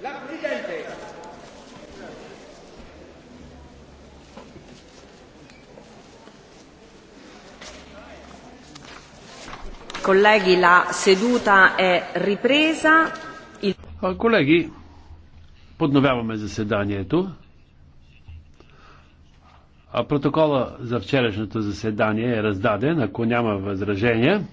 La Presidente. Colleghi, la seduta è ripresa. Il... Колеги, подновяваме заседанието. протокола за вчерашното заседание е раздаден, ако няма възражения.